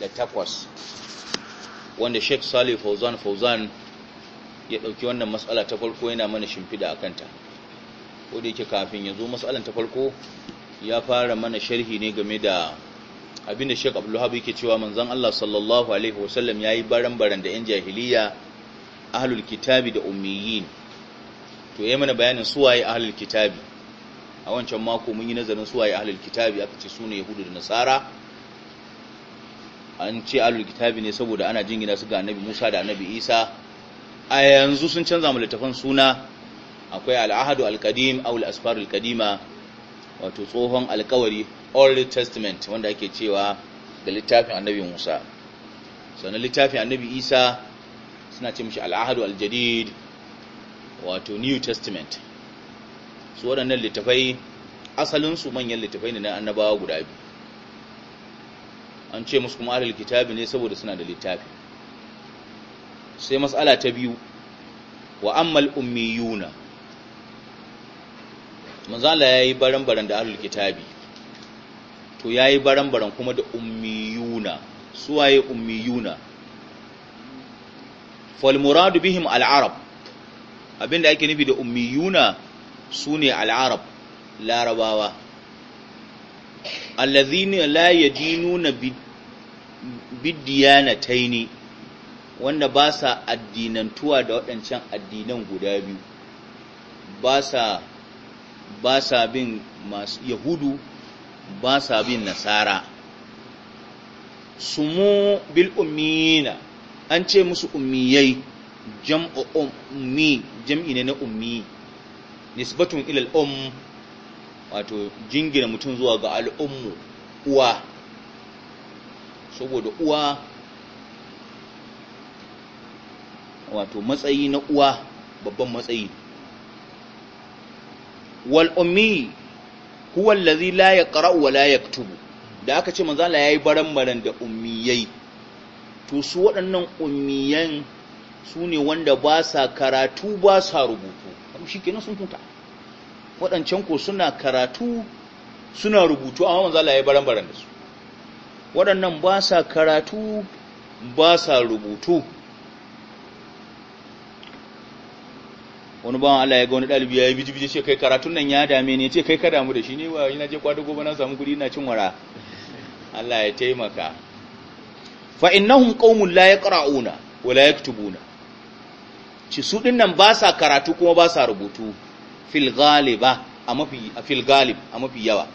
da takwas wanda shek sali Fauzan Fauzan ya ɗauki wannan matsala ta farko yana mana shimfida a kanta ko da yake kafin ya zo matsalan ta farko ya fara mana sharhi ne game da abinda Sheik Abdulhab yake cewa manzan Allah sallallahu alaihi wasallam yi baran-baran da 'yan jahiliya ahalul kitabi da umiyin to yi mana bayanin suwaye ahalul kitabi a wancan mako mun yi nazarin suwaye ahalul kitabi aka ce su ne yahudu da nasara an ce alul kitabi ne saboda ana jingina su ga annabi Musa da annabi Isa a yanzu sun canza mu littafan suna akwai al'ahadu al-qadim aw al-asfar al-qadima wato tsohon alkawari old testament wanda ake cewa da littafin annabi Musa sannan littafin annabi Isa suna ce mishi al-ahadu al-jadid wato new testament su waɗannan littafai asalinsu manyan littafai ne na annabawa guda biyu an ce musu kuma ahlul kitabi ne saboda suna da littafi sai mas'ala ta biyu wa ammal ummiyuna manzo Allah yayi baran-baran da ahlul kitabi to yayi baran-baran kuma da ummiyuna suwaye ummiyuna fal muradu bihim al-arab abinda ake nufi da ummiyuna sune al-arab larabawa alladhina la yadinuna taini, wanda ba sa addinantuwa da waɗancan addinan guda biyu ba sa ba sa bin masu yahudu ba sa bin nasara mu bil ummiyina an ce musu ummiyai jam'u ummi jam'i ne na ummi nisbatun ila um wato jingina mutum zuwa ga al'ummu uwa saboda uwa wato matsayi na uwa babban matsayi wal ummi huwa allazi la yaqra'u wa la yaktubu da aka ce manzo Allah yayi baran-baran da ummiyai to su waɗannan ummiyan su ne wanda ba sa karatu ba sa rubutu kuma shikenan sun tunta waɗancan ko suna karatu suna rubutu amma manzo Allah yayi baran-baran da su waɗannan ba sa karatu ba sa rubutu wani bawan Allah ya ga wani ɗalibi ya yi biji-biji ce kai karatun nan ya dame ne ce kai ka damu da shi ne wa yana je kwada gobe na samu kuɗi na cin wara Allah ya taimaka fa innahum qaumun la yaqra'una wa la yaktubuna ci su din nan ba sa karatu kuma ba sa rubutu fil ghaliba a mafi fil ghalib a mafi yawa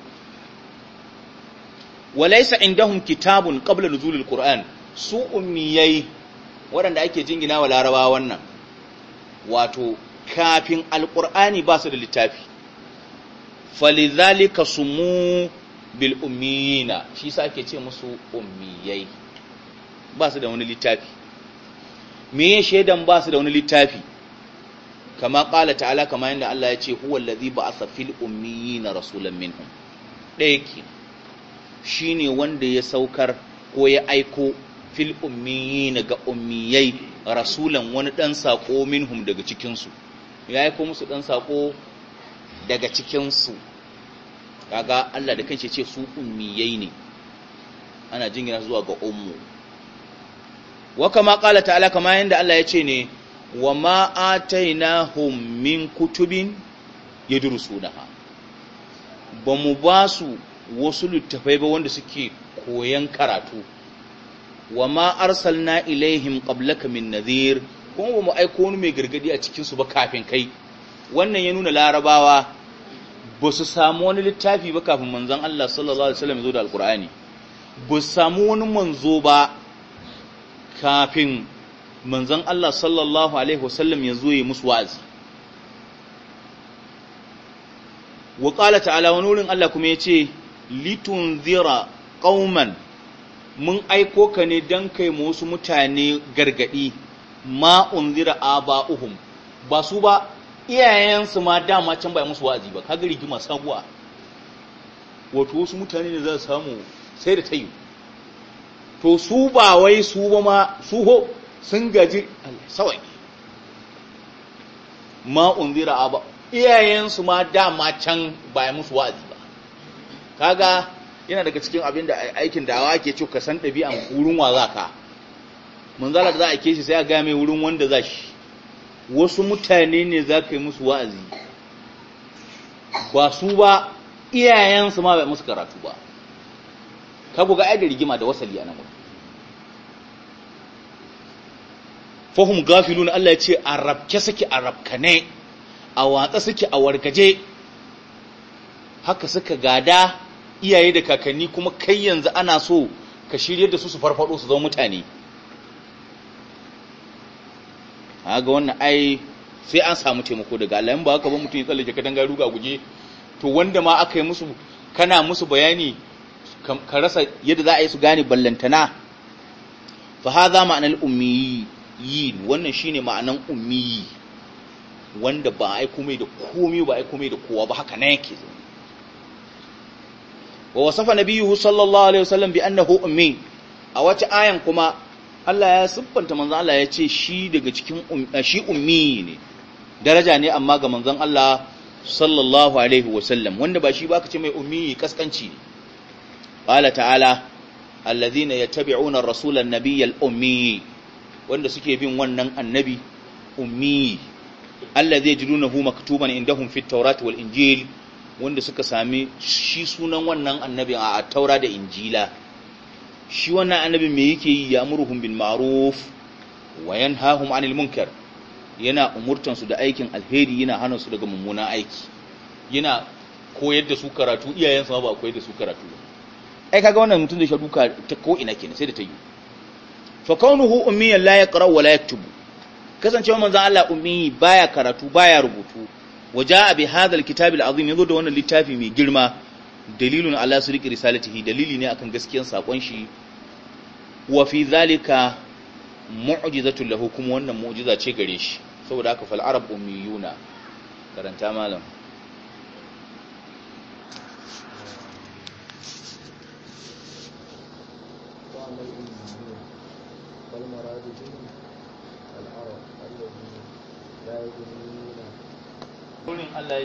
walaysa indahum kitabun qabla nuzulil qur'an su ummiyai waɗanda ake jingina wa larabawa wannan wato kafin alqur'ani ba su da littafi falizalika sumu bil ummiyina shi yasa ake ce musu ummiyai ba su da wani littafi me ya shaidan ba su da wani littafi kama ƙalata ta'ala kama yadda Allah ya ce huwa allazi ba'atha fil ummiyina rasulan minhum ɗaya ke shine wanda ya saukar ko ya aiko fil ummiyina ga ummiyai rasulan wani dan sako minhum daga cikin su ya aiko musu dan sako daga cikin su kaga Allah da kanshi ce su ummiyai ne ana jingina zuwa ga ummu wa kama qala ta'ala kama yanda Allah ya ce ne wa ma atainahum min kutubin yadrusunaha ba mu ba su wasu littafai ba wanda suke koyan karatu wa ma arsalna ilaihim qablaka min nadhir kuma ba mu aiko wani mai gargadi a cikin su ba kafin kai wannan ya nuna larabawa ba su samu wani littafi ba kafin manzon Allah sallallahu alaihi wasallam ya zo da alqur'ani ba su samu wani manzo ba kafin manzon Allah sallallahu alaihi wasallam ya zo ya musu wa'azi wa qala ta'ala wani wurin Allah kuma ya ce litunzira qauman mun aiko ka ne don kai ma wasu mutane gargadi ma unzira A ba ba su ba iyayensu ma dama can bai musu wa'azi ba ka gari rigima sabuwa wato wasu mutane ne za su samu sai da tayi to su ba wai su ba ma su ho sun gaji sawai ma unzira ba iyayensu ma dama can bai musu wa'azi kaga yana daga cikin abin da aikin dawa ke cewa ka san ɗabi'an wurin wa za ka manzala da za a ke shi sai a ga mai wurin wanda za shi wasu mutane ne za ka yi musu wa'azi ba su ba iyayensu ma bai musu karatu ba ka ga ai da rigima da wasali a nan wurin fahim gafilun Allah ya ce a rabke suke a rabkane a watsa suke a wargaje haka suka gada iyaye da kakanni kuma kai yanzu ana so ka shirye da su su farfado su zama mutane ga wannan ai sai an samu taimako daga Allah in ba haka ba mutum ya tsallake ka danga ruga guje to wanda ma aka yi musu kana musu bayani ka rasa yadda za a yi su gane ballantana fa hadha ma'anal ummiyin wannan shine ma'anan ummiyi wanda ba ai komai da komai ba ai komai da kowa ba haka na yake zama wa wasafa nabiyuhu sallallahu alaihi wasallam bi annahu ummi a wata ayan kuma Allah ya siffanta manzon Allah ya ce shi daga cikin um, eh, shi ummi ne daraja ne amma ga manzon Allah sallallahu alaihi wasallam wanda ba shi ba ka ce mai ummi kaskanci ne qala ta'ala alladhina yattabi'una ar-rasula an-nabiyya al-ummi wanda suke bin wannan annabi ummi alladhi yajidunahu maktuban indahum fit-taurati wal-injil wanda suka sami shi sunan wannan annabin a taura da injila shi wannan annabin me yake yi ya murhum bin ma'ruf wa yanhahum anil munkar yana umurtan su da aikin alheri yana hana su daga mummunan aiki yana koyar da su karatu iyayen su ba koyar da su karatu ai kaga wannan mutum da shi duka ta ko ina kenan sai da ta yi fa kaunuhu ummiyan la yaqra wa la yaktubu kasancewa manzon Allah ummi baya karatu baya rubutu waja'a bi hadha alkitab alazim yazo da wannan littafi mai girma dalilun ala suriki risalatihi dalili ne akan gaskiyar sakon shi wa fi zalika mu'jizatu lahu kuma wannan mu'jiza ce gare shi saboda haka fal arab ummiyuna karanta malam والمراد بهم العرب الذين لا يؤمنون wurin Allah